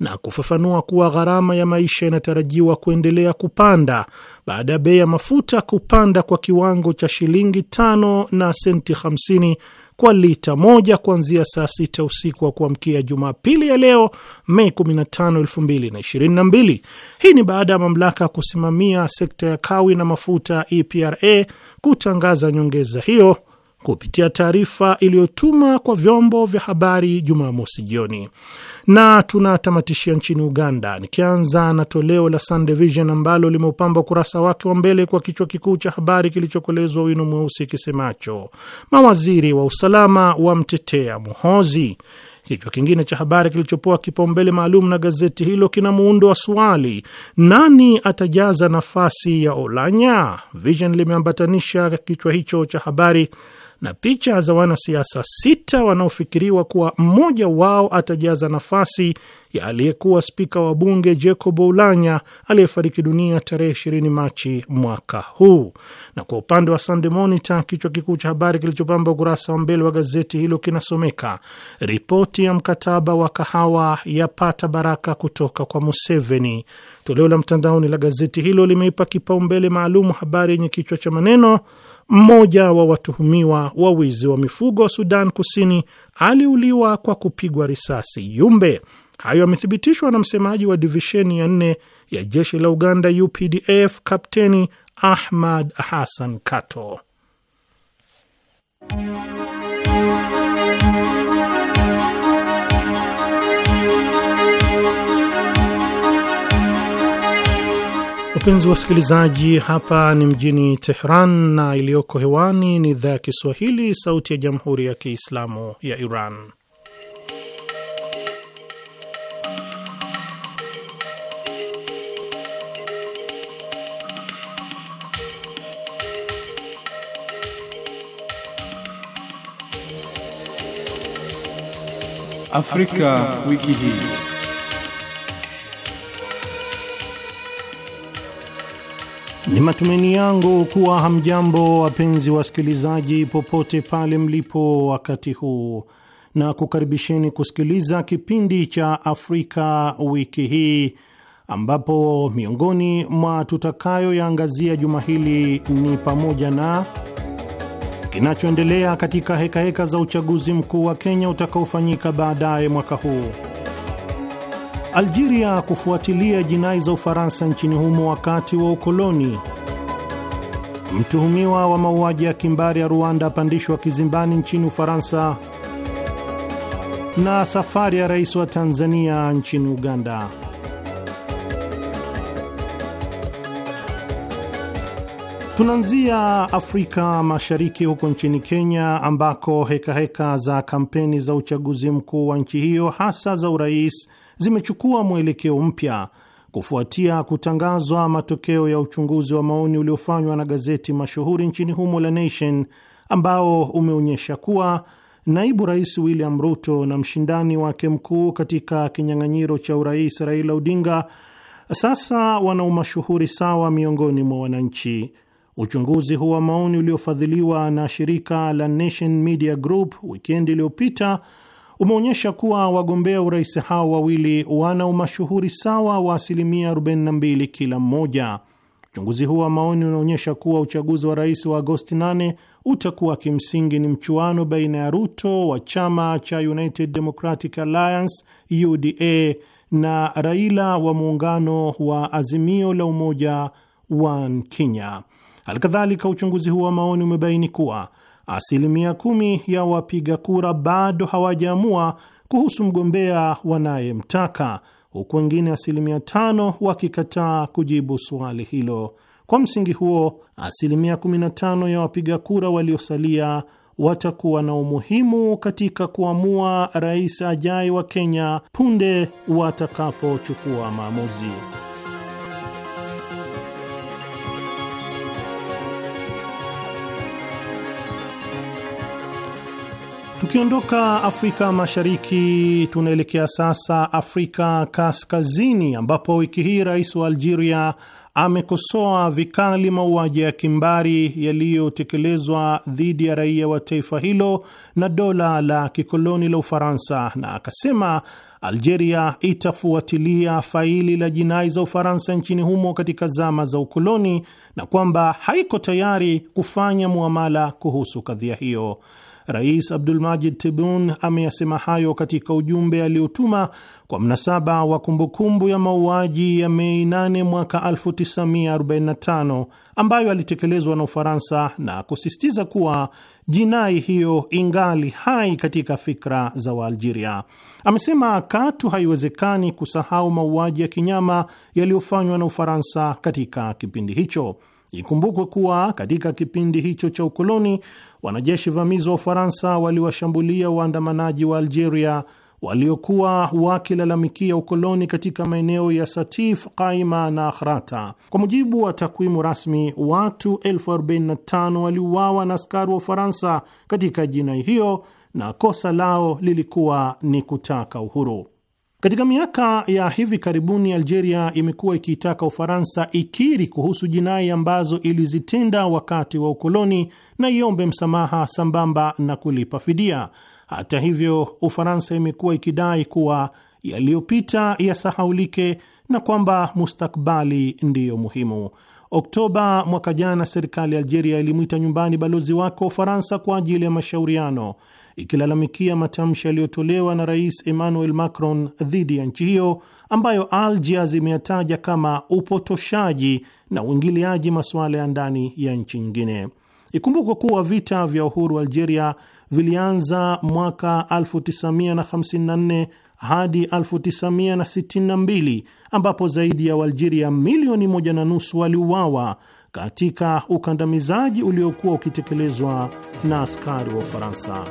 na kufafanua kuwa gharama ya maisha inatarajiwa kuendelea kupanda baada ya bei ya mafuta kupanda kwa kiwango cha shilingi tano na senti 50 kwa lita moja kuanzia saa sita usiku wa kuamkia Jumapili ya leo Mei 15, 2022. Hii ni baada ya mamlaka ya kusimamia sekta ya kawi na mafuta EPRA kutangaza nyongeza hiyo kupitia taarifa iliyotuma kwa vyombo vya habari Jumamosi jioni. Na tunatamatishia nchini Uganda, nikianza na toleo la Sunday Vision ambalo limeupamba ukurasa wake wa mbele kwa kichwa kikuu cha habari kilichokolezwa wino mweusi kisemacho mawaziri wa usalama wamtetea Muhozi. Kichwa kingine cha habari kilichopoa kipaumbele maalum na gazeti hilo kina muundo wa swali, nani atajaza nafasi ya Olanya? Vision limeambatanisha kichwa hicho cha habari na picha za wanasiasa sita wanaofikiriwa kuwa mmoja wao atajaza nafasi ya aliyekuwa spika wa bunge Jacob Oulanya aliyefariki dunia tarehe 20 Machi mwaka huu. Na kwa upande wa Sunday Monitor, kichwa kikuu cha habari kilichopamba ukurasa wa mbele wa gazeti hilo kinasomeka ripoti ya mkataba wa kahawa yapata baraka kutoka kwa Museveni. Toleo la mtandaoni la gazeti hilo limeipa kipaumbele maalum habari yenye kichwa cha maneno mmoja wa watuhumiwa wa wizi wa mifugo Sudan Kusini aliuliwa kwa kupigwa risasi Yumbe. Hayo yamethibitishwa na msemaji wa divisheni ya nne ya jeshi la Uganda UPDF Kapteni Ahmad Hassan Kato. Wapenzi wasikilizaji, hapa ni mjini Tehran na iliyoko hewani ni idhaa ya Kiswahili, Sauti ya Jamhuri ya Kiislamu ya Iran. Afrika, Afrika wiki hii. Ni matumaini yangu kuwa hamjambo, wapenzi wasikilizaji, popote pale mlipo wakati huu, na kukaribisheni kusikiliza kipindi cha Afrika wiki hii, ambapo miongoni mwa tutakayoyaangazia juma hili ni pamoja na kinachoendelea katika hekaheka heka za uchaguzi mkuu wa Kenya utakaofanyika baadaye mwaka huu Algeria kufuatilia jinai za Ufaransa nchini humo wakati wa ukoloni. Mtuhumiwa wa mauaji ya kimbari ya Rwanda apandishwa kizimbani nchini Ufaransa. Na safari ya rais wa Tanzania nchini Uganda. Tunaanzia Afrika Mashariki, huko nchini Kenya, ambako hekaheka heka za kampeni za uchaguzi mkuu wa nchi hiyo hasa za urais zimechukua mwelekeo mpya kufuatia kutangazwa matokeo ya uchunguzi wa maoni uliofanywa na gazeti mashuhuri nchini humo la Nation ambao umeonyesha kuwa naibu rais William Ruto na mshindani wake mkuu katika kinyang'anyiro cha urais Raila Odinga sasa wana umashuhuri sawa miongoni mwa wananchi. Uchunguzi huu wa maoni uliofadhiliwa na shirika la Nation Media Group wikendi iliyopita umeonyesha kuwa wagombea urais hao wawili wana umashuhuri sawa wa asilimia 42 kila mmoja. Uchunguzi huu wa maoni unaonyesha kuwa uchaguzi wa rais wa Agosti 8 utakuwa kimsingi ni mchuano baina ya Ruto wa chama cha United Democratic Alliance UDA na Raila wa muungano wa Azimio la Umoja One Kenya. Halikadhalika, uchunguzi huu wa maoni umebaini kuwa asilimia kumi ya wapiga kura bado hawajaamua kuhusu mgombea wanayemtaka, huku wengine asilimia tano wakikataa kujibu suali hilo. Kwa msingi huo, asilimia 15 ya wapiga kura waliosalia watakuwa na umuhimu katika kuamua rais ajaye wa Kenya punde watakapochukua maamuzi. Tukiondoka Afrika Mashariki, tunaelekea sasa Afrika Kaskazini, ambapo wiki hii rais wa Algeria amekosoa vikali mauaji ya kimbari yaliyotekelezwa dhidi ya raia wa taifa hilo na dola la kikoloni la Ufaransa, na akasema Algeria itafuatilia faili la jinai za Ufaransa nchini humo katika zama za ukoloni na kwamba haiko tayari kufanya muamala kuhusu kadhia hiyo. Rais Abdulmajid tibun ameyasema hayo katika ujumbe aliotuma kwa mnasaba wa kumbukumbu ya mauaji ya Mei 8 mwaka 1945 ambayo alitekelezwa na Ufaransa na kusisitiza kuwa jinai hiyo ingali hai katika fikra za Waalgeria. Amesema katu haiwezekani kusahau mauaji ya kinyama yaliyofanywa na Ufaransa katika kipindi hicho. Ikumbukwe kuwa katika kipindi hicho cha ukoloni wanajeshi vamizi wa Ufaransa waliwashambulia waandamanaji wa Algeria waliokuwa wakilalamikia ukoloni katika maeneo ya Satif, Kaima na Akhrata. Kwa mujibu wa takwimu rasmi, watu 45 waliuawa na askari wa Ufaransa katika jinai hiyo, na kosa lao lilikuwa ni kutaka uhuru. Katika miaka ya hivi karibuni Algeria imekuwa ikiitaka Ufaransa ikiri kuhusu jinai ambazo ilizitenda wakati wa ukoloni na iombe msamaha sambamba na kulipa fidia. Hata hivyo, Ufaransa imekuwa ikidai kuwa yaliyopita yasahaulike na kwamba mustakbali ndiyo muhimu. Oktoba mwaka jana, serikali ya Algeria ilimwita nyumbani balozi wake wa Ufaransa kwa ajili ya mashauriano ikilalamikia matamshi yaliyotolewa na Rais Emmanuel Macron dhidi ya nchi hiyo ambayo Algiers imeyataja kama upotoshaji na uingiliaji masuala ya ndani ya nchi nyingine. Ikumbukwe kuwa vita vya uhuru wa Algeria vilianza mwaka 1954 hadi 1962 ambapo zaidi ya Waalgeria milioni moja na nusu waliuawa katika ukandamizaji uliokuwa ukitekelezwa na askari wa Ufaransa.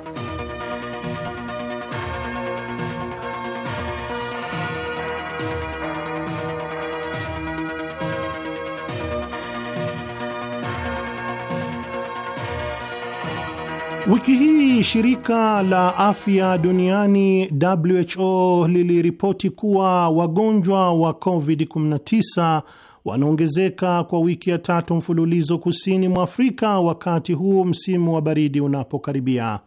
Wiki hii shirika la afya duniani WHO liliripoti kuwa wagonjwa wa COVID-19 wanaongezeka kwa wiki ya tatu mfululizo kusini mwa Afrika, wakati huu msimu wa baridi unapokaribia.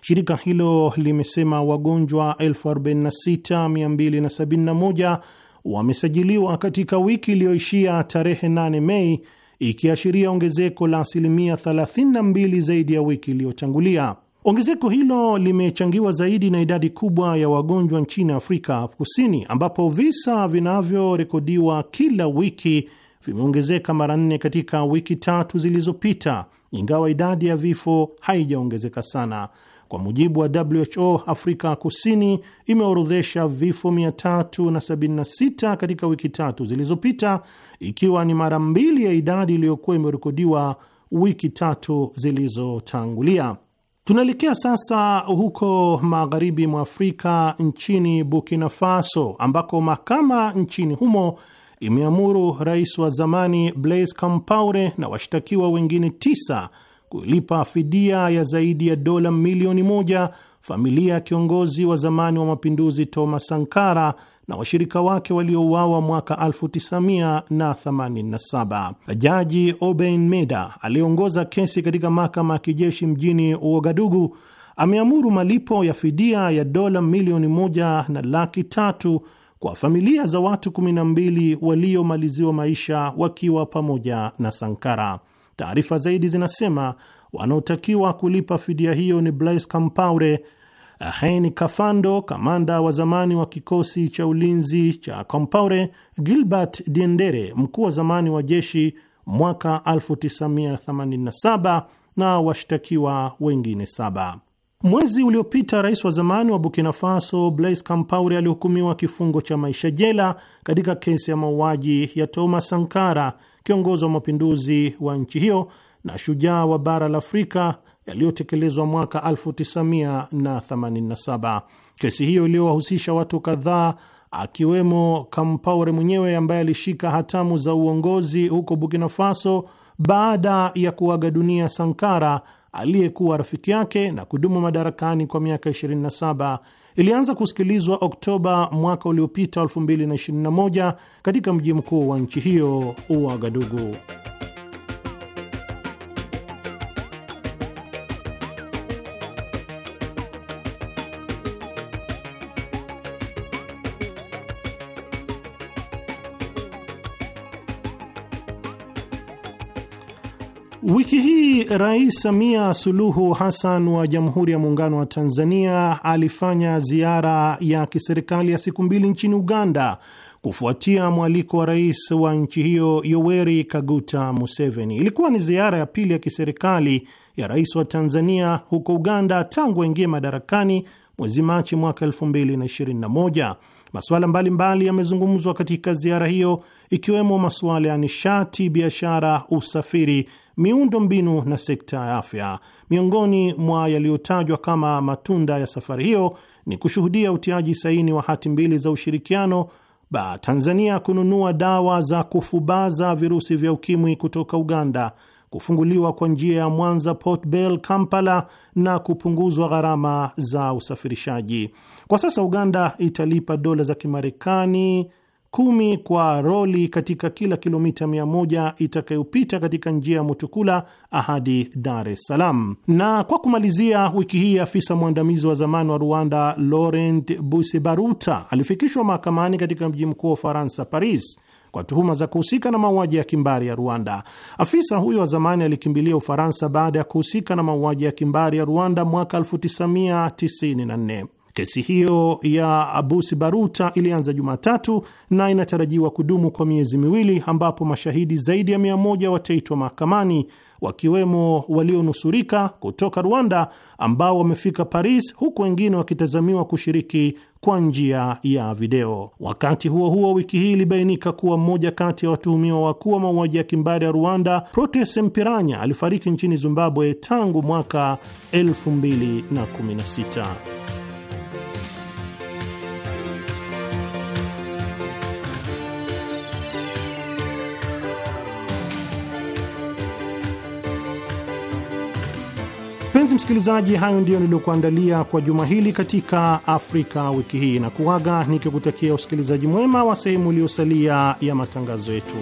Shirika hilo limesema wagonjwa 46271 wamesajiliwa katika wiki iliyoishia tarehe 8 Mei, ikiashiria ongezeko la asilimia 32 zaidi ya wiki iliyotangulia. Ongezeko hilo limechangiwa zaidi na idadi kubwa ya wagonjwa nchini Afrika Kusini, ambapo visa vinavyorekodiwa kila wiki vimeongezeka mara nne katika wiki tatu zilizopita, ingawa idadi ya vifo haijaongezeka sana. Kwa mujibu wa WHO, Afrika Kusini imeorodhesha vifo 376 katika wiki tatu zilizopita, ikiwa ni mara mbili ya idadi iliyokuwa imerekodiwa wiki tatu zilizotangulia. Tunaelekea sasa huko magharibi mwa Afrika, nchini Burkina Faso, ambako mahakama nchini humo imeamuru rais wa zamani Blaise Compaore na washtakiwa wengine tisa kulipa fidia ya zaidi ya dola milioni moja familia ya kiongozi wa zamani wa mapinduzi Thomas Sankara na washirika wake waliouawa mwaka 1987. Jaji obein Meda aliyeongoza kesi katika mahakama ya kijeshi mjini Uogadugu ameamuru malipo ya fidia ya dola milioni moja na laki tatu kwa familia za watu 12 waliomaliziwa maisha wakiwa pamoja na Sankara. Taarifa zaidi zinasema wanaotakiwa kulipa fidia hiyo ni Blaise Compaore Hein Kafando, kamanda wa zamani wa kikosi cha ulinzi cha Compaore, Gilbert Diendere, mkuu wa zamani wa jeshi mwaka 1987 na washtakiwa wengine saba. Mwezi uliopita rais wa zamani wa Burkina Faso Blaise Compaore alihukumiwa kifungo cha maisha jela katika kesi ya mauaji ya Thomas Sankara, kiongozi wa mapinduzi wa nchi hiyo na shujaa wa bara la Afrika yaliyotekelezwa mwaka 1987. Kesi hiyo iliyowahusisha watu kadhaa akiwemo Kampaore mwenyewe ambaye alishika hatamu za uongozi huko Burkina Faso baada ya kuaga dunia Sankara aliyekuwa rafiki yake na kudumu madarakani kwa miaka 27 ilianza kusikilizwa Oktoba mwaka uliopita 2021 katika mji mkuu wa nchi hiyo Uagadugu. Wiki hii Rais Samia Suluhu Hassan wa Jamhuri ya Muungano wa Tanzania alifanya ziara ya kiserikali ya siku mbili nchini Uganda kufuatia mwaliko wa rais wa nchi hiyo Yoweri Kaguta Museveni. Ilikuwa ni ziara ya pili ya kiserikali ya rais wa Tanzania huko Uganda tangu aingie madarakani mwezi Machi mwaka 2021. Masuala mbalimbali yamezungumzwa katika ziara hiyo, ikiwemo masuala ya nishati, biashara, usafiri miundo mbinu na sekta ya afya. Miongoni mwa yaliyotajwa kama matunda ya safari hiyo ni kushuhudia utiaji saini wa hati mbili za ushirikiano ba Tanzania kununua dawa za kufubaza virusi vya ukimwi kutoka Uganda, kufunguliwa kwa njia ya Mwanza Port Bell Kampala, na kupunguzwa gharama za usafirishaji. Kwa sasa Uganda italipa dola za Kimarekani kumi kwa roli katika kila kilomita mia moja itakayopita katika njia ya Mutukula ahadi Dar es Salaam. Na kwa kumalizia, wiki hii afisa mwandamizi wa zamani wa Rwanda Laurent Busebaruta alifikishwa mahakamani katika mji mkuu wa Ufaransa, Paris kwa tuhuma za kuhusika na mauaji ya kimbari ya Rwanda. Afisa huyo wa zamani alikimbilia Ufaransa baada ya kuhusika na mauaji ya kimbari ya Rwanda mwaka 1994. Kesi hiyo ya Abusi Baruta ilianza Jumatatu na inatarajiwa kudumu kwa miezi miwili, ambapo mashahidi zaidi ya mia moja wataitwa mahakamani wakiwemo walionusurika kutoka Rwanda ambao wamefika Paris, huku wengine wakitazamiwa kushiriki kwa njia ya video. Wakati huo huo, wiki hii ilibainika kuwa mmoja kati ya watuhumiwa wakuu wa mauaji ya kimbari ya Rwanda, Protes Mpiranya, alifariki nchini Zimbabwe tangu mwaka 2016. Mpenzi msikilizaji, hayo ndiyo niliyokuandalia kwa juma hili katika Afrika wiki hii, na kuaga nikikutakia usikilizaji mwema wa sehemu iliyosalia ya matangazo yetu.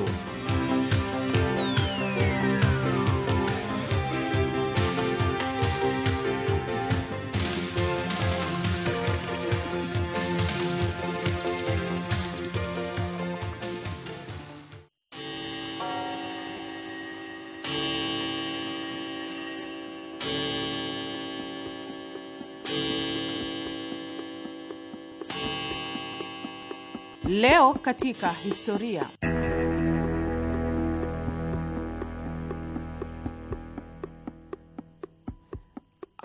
Leo katika historia.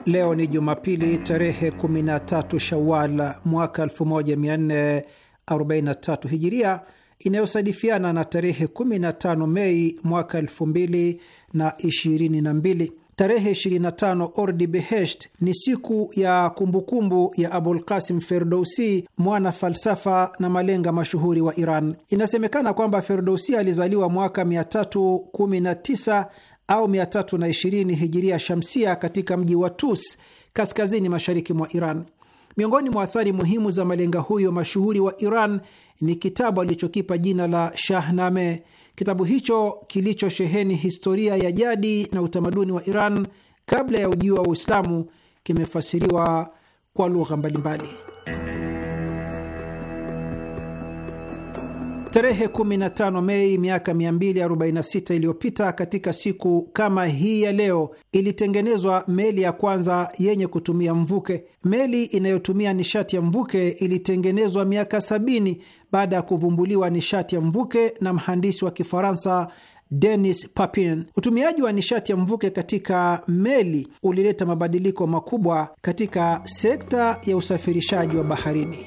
Leo ni Jumapili tarehe 13 Shawal mwaka 1443 Hijiria, inayosadifiana na tarehe 15 Mei mwaka 2022. Tarehe 25 Ordi Behesht ni siku ya kumbukumbu ya Abul Qasim Ferdousi, mwana falsafa na malenga mashuhuri wa Iran. Inasemekana kwamba Ferdousi alizaliwa mwaka 319 au 320 hijiria shamsia katika mji wa Tus kaskazini mashariki mwa Iran. Miongoni mwa athari muhimu za malenga huyo mashuhuri wa Iran ni kitabu alichokipa jina la Shahnameh Kitabu hicho kilichosheheni historia ya jadi na utamaduni wa Iran kabla ya ujio wa Uislamu kimefasiriwa kwa lugha mbalimbali. Tarehe 15 Mei miaka 246 iliyopita, katika siku kama hii ya leo, ilitengenezwa meli ya kwanza yenye kutumia mvuke. Meli inayotumia nishati ya mvuke ilitengenezwa miaka 70 baada ya kuvumbuliwa nishati ya mvuke na mhandisi wa Kifaransa Denis Papin. Utumiaji wa nishati ya mvuke katika meli ulileta mabadiliko makubwa katika sekta ya usafirishaji wa baharini.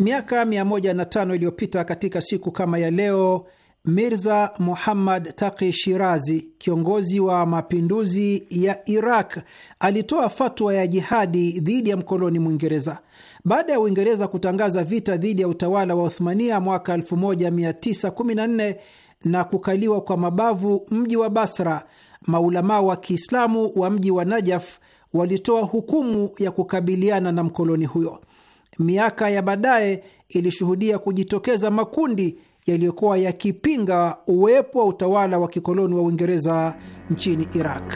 Miaka 105 iliyopita katika siku kama ya leo, Mirza Muhammad Taqi Shirazi, kiongozi wa mapinduzi ya Iraq, alitoa fatwa ya jihadi dhidi ya mkoloni Mwingereza. Baada ya Uingereza kutangaza vita dhidi ya utawala wa Uthmania mwaka 1914 na kukaliwa kwa mabavu mji wa Basra, maulamaa wa Kiislamu wa mji wa Najaf walitoa hukumu ya kukabiliana na mkoloni huyo miaka ya baadaye ilishuhudia kujitokeza makundi yaliyokuwa yakipinga uwepo wa utawala wa kikoloni wa Uingereza nchini Iraq.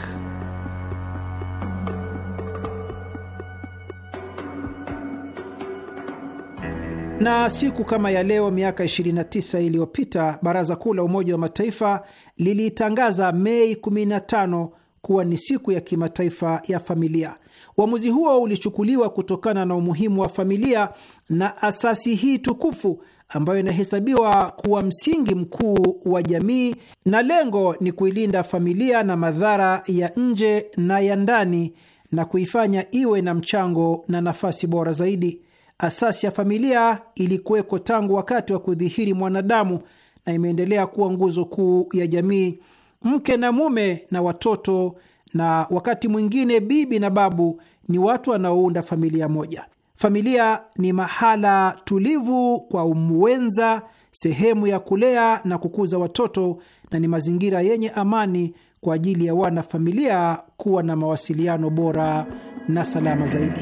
Na siku kama ya leo miaka 29 iliyopita Baraza Kuu la Umoja wa Mataifa liliitangaza Mei 15 kuwa ni siku ya kimataifa ya familia. Uamuzi huo ulichukuliwa kutokana na umuhimu wa familia na asasi hii tukufu ambayo inahesabiwa kuwa msingi mkuu wa jamii, na lengo ni kuilinda familia na madhara ya nje na ya ndani na kuifanya iwe na mchango na nafasi bora zaidi. Asasi ya familia ilikuweko tangu wakati wa kudhihiri mwanadamu na imeendelea kuwa nguzo kuu ya jamii. Mke na mume na watoto, na wakati mwingine bibi na babu, ni watu wanaounda familia moja. Familia ni mahala tulivu kwa mwenza, sehemu ya kulea na kukuza watoto, na ni mazingira yenye amani kwa ajili ya wanafamilia kuwa na mawasiliano bora na salama zaidi.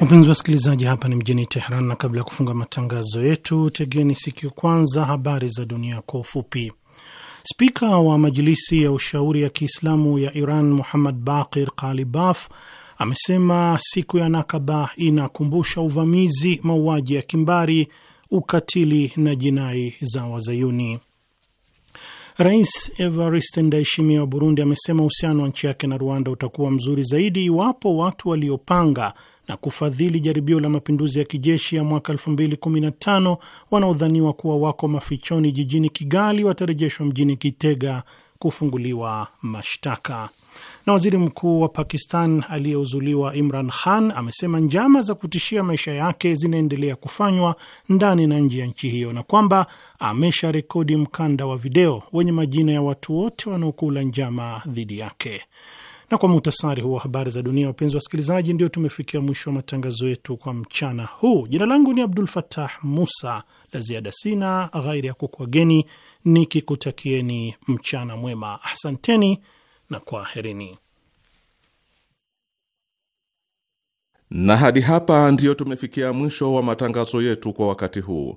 Wapenzi wasikilizaji, hapa ni mjini Teheran, na kabla ya kufunga matangazo yetu, tegeni sikio kwanza habari za dunia kwa ufupi. Spika wa Majilisi ya Ushauri ya Kiislamu ya Iran Muhammad Baqir Kalibaf amesema siku ya Nakaba inakumbusha uvamizi, mauaji ya kimbari, ukatili na jinai za Wazayuni. Rais Evariste Ndayishimiye wa Burundi amesema uhusiano wa nchi yake na Rwanda utakuwa mzuri zaidi iwapo watu waliopanga na kufadhili jaribio la mapinduzi ya kijeshi ya mwaka 2015 wanaodhaniwa kuwa wako mafichoni jijini Kigali watarejeshwa mjini Kitega kufunguliwa mashtaka. Na waziri mkuu wa Pakistan aliyeuzuliwa Imran Khan amesema njama za kutishia maisha yake zinaendelea kufanywa ndani na nje ya nchi hiyo na kwamba amesha rekodi mkanda wa video wenye majina ya watu wote wanaokula njama dhidi yake. Na kwa muhtasari huu wa habari za dunia, wapenzi wa wasikilizaji, ndio tumefikia mwisho wa matangazo yetu kwa mchana huu. Jina langu ni Abdul Fatah Musa. La ziada sina ghairi ya kukwageni nikikutakieni mchana mwema. Asanteni na kwaherini. Na hadi hapa ndiyo tumefikia mwisho wa matangazo yetu kwa wakati huu.